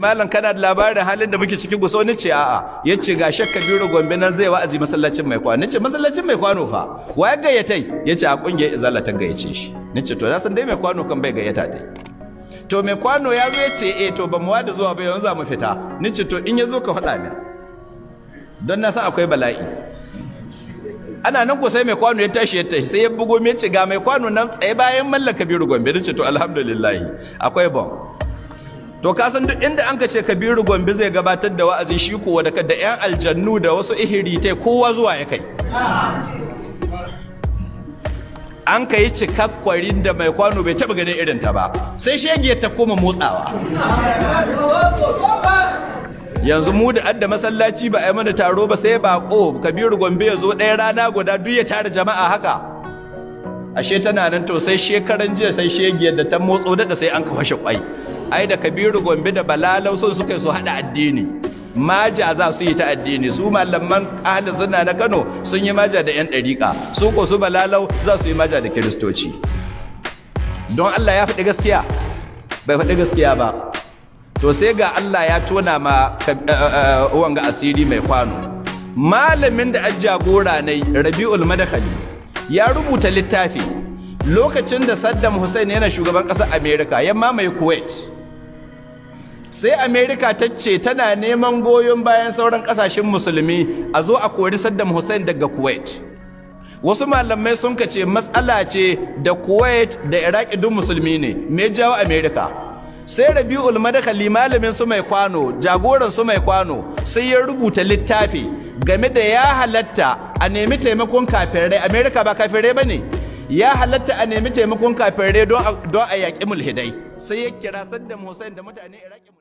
malam kana da labarin halin da muke ciki guso ni ce a'a ya ce ga shakka biro gombe nan zai wa'azi masallacin mai kwano ce masallacin mai kwano fa wa ya gayyatai ya ce a kungiyar izala ta gayyace shi ni ce to na san dai mai kwano kan bai gayyata dai to mai kwano ya zo ya ce eh to ba mu wada zuwa ba yanzu za mu fita ni ce to in ya zo ka faɗa min don na san akwai bala'i ana nan ko sai mai kwano ya tashi ya tashi sai ya bugo me ce ga mai kwano nan tsaye bayan mallaka biro gombe ni ce to alhamdulillah akwai bon to ka san duk inda an ce kabiru gombe zai gabatar da wa'azin shi kuwa da da yan aljannu da wasu ihiritai kowa zuwa ya kai an ka yi kwari da mai kwano bai taɓa ganin irin ta ba sai shege ta koma motsawa yanzu mu da adda masallaci ba a yi mana taro ba sai bako kabiru gombe ya zo ɗaya rana guda duk ya tara jama'a haka ashe tana nan to sai shekaran jiya sai shegiyar da ta motso da sai an kawashe kwai ai da kabiru gombe da balalau sun suka su hada addini maja za su yi ta addini su malaman ahli sunna na Kano sun yi maja da yan dariƙa su ko su balalau za su yi maja da kiristoci don Allah ya faɗi gaskiya bai faɗi gaskiya ba to sai ga Allah ya tona ma eh, eh, wanga asiri mai kwano malamin da ajiya gora ne Rabiul Madakali ya rubuta littafi lokacin da Saddam Hussein yana shugaban ƙasar Amerika ya mamaye Kuwait sai Amerika ta ce tana neman goyon bayan sauran ƙasashen musulmi a zo a kori Saddam Hussein daga Kuwait wasu malamai sun kace matsala ce da Kuwait da Iraki duk musulmi ne me jawo Amerika sai rabi'ul madakali malamin su mai kwano jagoran su mai kwano sai ya rubuta littafi game da ya halatta a nemi taimakon kafirai amerika ba kafirai ba ne ya halatta a nemi taimakon kafirai don a yaƙi mulhidai sai ya kira saddam hussein da mutane iraki